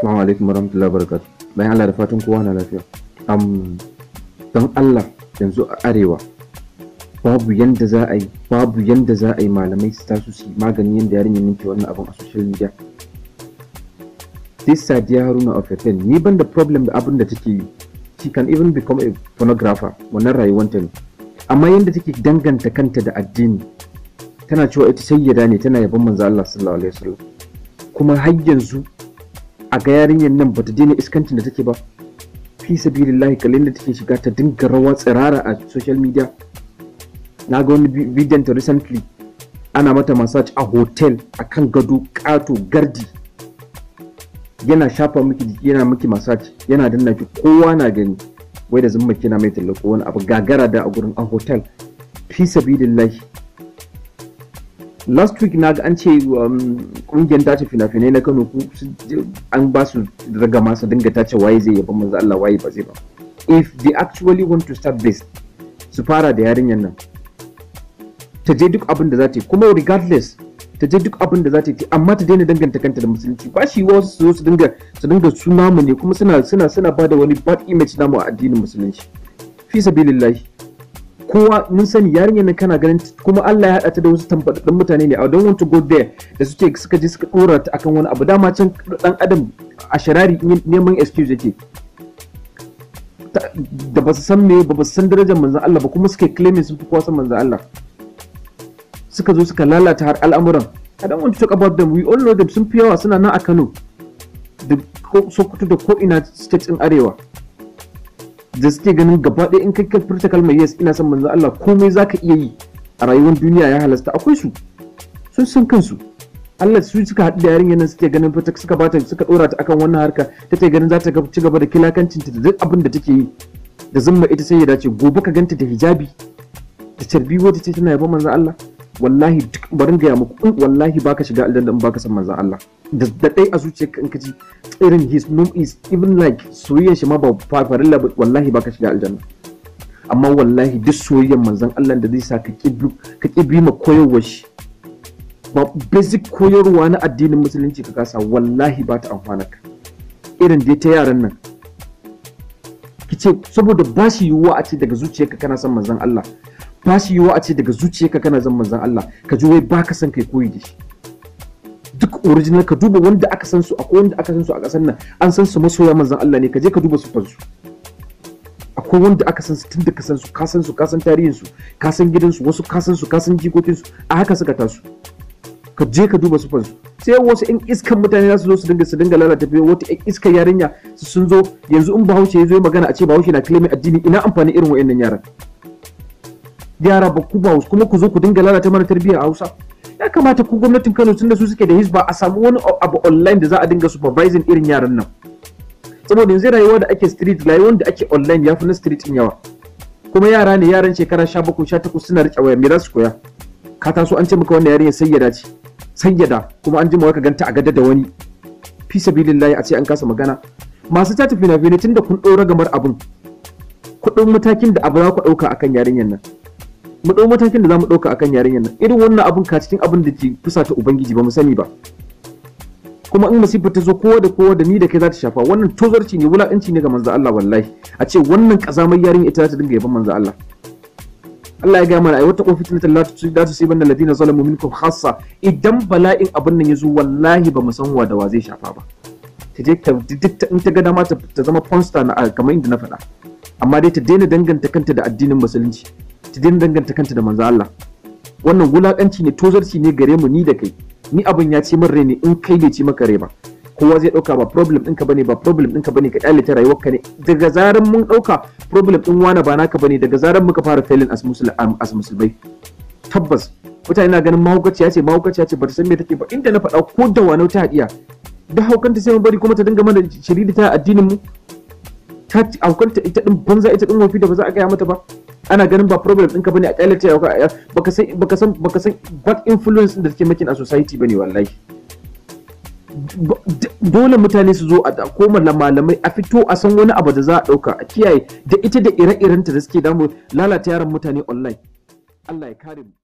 Assalamu alaikum warahmatullahi wabarakatuh. Bayan Allah da fatan kowa na lafiya. Am don Allah yanzu a arewa babu yanda za a yi babu yanda za a yi malamai su tasu su magani yanda yin ninke wannan abin a social media. Sai Sadiya Haruna of Yaten ni ban da problem da abin da take yi. She can even become a pornographer wannan rayuwar rayuwanta ne. Amma yanda take danganta kanta da addini tana cewa ita sayyada ne tana yabon manzo Allah sallallahu alaihi wasallam. Kuma har yanzu a ga yarinyar nan bata daina iskancin da take ba fi lahi kalin da take shiga ta dinga rawa tsirara a social media na ga wani bidiyon ta recently ana mata massage a hotel a kan gado kato gardi yana shafa miki jiki yana miki massage yana danna ki kowa na gani wai da zumma kina mai tallako wani abu gagara da a gurin a hotel fi lahi last week na ga an ce kungiyar um, tace fina-finai na kano an ba su ragama su dinga tace waye zai yaba manzo Allah waye ba zai ba if they actually want to start this su fara da yarinyar nan ta je duk abin da za ta yi kuma regardless ta je duk abin da za ta yi amma ta daina danganta kanta da musulunci ba shi wasu su su dinga su dinga su namu ne kuma suna suna suna wani bad image namu a addinin musulunci fi sabilillahi kowa mun sani yarinyar nan kana ganin kuma Allah ya haɗa ta da wasu tambadaddan mutane ne a don want go there da suke suka je suka dora ta akan wani abu dama can ɗan adam a sharari neman excuse yake da ba su san me ba ba su san darajar manzon Allah ba kuma suke claiming sun fi kowa san manzon Allah suka zo suka lalata har al'amuran I don't want to talk about them we all know them sun fi yawa suna nan a Kano da Sokoto da ko ina states in arewa da suke ganin gaba ɗaya in kakkar ka furta kalmar yes ina son manzo Allah komai za ka iya yi a rayuwar duniya ya halasta akwai su sun san kansu Allah su suka haɗu da yarinya nan suke ganin fata suka bata suka ɗora ta akan wannan harka ta ce ganin za ta ci gaba da kilakancin ta da duk abin da take yi da zumma ita sai ya dace gobe ka ganta da hijabi da carbi wata ce tana yaba manzo Allah wallahi duk barin gaya muku in wallahi baka shiga aljanna in baka san manzon Allah da dai a zuciyarka in ka ji irin his no is even like soyayya shi ma ba farilla ba wallahi baka shiga aljanna amma wallahi duk soyayyan manzon Allah da zai sa ka kibri ka ma koyarwar shi ba basic koyarwa na addinin musulunci ka kasa wallahi ba ta amfana ka irin dai ta yaran nan kice saboda ba shi yiwuwa a ce daga zuciyarka kana san manzon Allah ba shi yiwuwa a ce daga zuciyarka kana zan manzan Allah ka ji wai baka san kai koyi da shi duk original ka duba wanda aka san su akwai wanda aka san su a kasan nan an san su masoya manzan Allah ne ka je ka duba su fansu akwai wanda aka san su tun da ka san su ka san su ka san tarihin su ka san gidan su wasu ka san su ka san jikokin su a haka suka tasu ka je ka duba su fansu sai wasu yan iskan mutane za su zo su dinga su dinga lalata biyo wata yan iskan yarinya su sun zo yanzu in bahaushe ya zo magana a ce bahaushe na kilimin addini ina amfani irin wa'annan yaran yara ba ku ba kuma ku zo ku dinga lalata mana tarbiyyar Hausa ya kamata ku gwamnatin Kano tunda su suke da hisba a samu wani abu online da za a dinga supervising irin yaran nan saboda yanzu rayuwa da ake street rayuwar da ake online yafi na street in yawa kuma yara ne yaran shekara 17 18 suna rike waya me za su koya ka taso an ce maka wannan yarinya sayyada ce sayyada kuma an jima ka ganta a gada da wani fi sabilillahi a ce an kasa magana masu tata fina-finai tunda kun ɗora gamar abin kuɗin matakin da abu za ku ɗauka akan yarinyar nan mu ɗau matakin da za mu ɗauka akan yarinyar nan irin wannan abun ka cikin abin da ke fusata ubangiji ba mu sani ba kuma in masifar ta zo kowa da kowa da ni da kai za ta shafa wannan tozarci ne wulaƙanci ne ga manzo Allah wallahi a ce wannan kazamar yarinya ita za ta dinga yaban manzo Allah Allah ya ga mana ai wata kun ta Allah ta tusiba annal ladina zalamu minkum khassa idan bala'in abin nan ya zo, wallahi ba mu san wa da wa zai shafa ba ta je ta duk in ta ga dama ta zama ponster na kamar inda na faɗa amma dai ta daina danganta kanta da addinin musulunci ta daina danganta kanta da manzo Allah wannan wulakanci ne tozarci ne gare mu ni da kai ni abin ya ce min rai ne in kai bai ce maka rai ba kowa zai dauka ba problem ɗinka bane ba problem ɗinka bane ka kyale ta rayuwarka ne daga zaran mun dauka problem ɗin wani ba naka bane daga zaran muka fara failin as musulmai tabbas mutane na ganin mahaukaciya ce mahaukaciya ce bata san me take ba inda na faɗa ko da wani ta hadiya da haukanta sai mu bari kuma ta dinga mana shiri da ta addinin mu aukanta ita din banza ita din wafi da ba za a gaya mata ba ana ganin ba problem ɗinka bane a kyalata ya baka san baka san baka san bad influence da take making a society bane wallahi dole mutane su zo a ko malamai a fito a san wani abu da za a ɗauka a kiyaye da ita da ire-irenta da suke damu lalata yaran mutane online Allah ya kare mu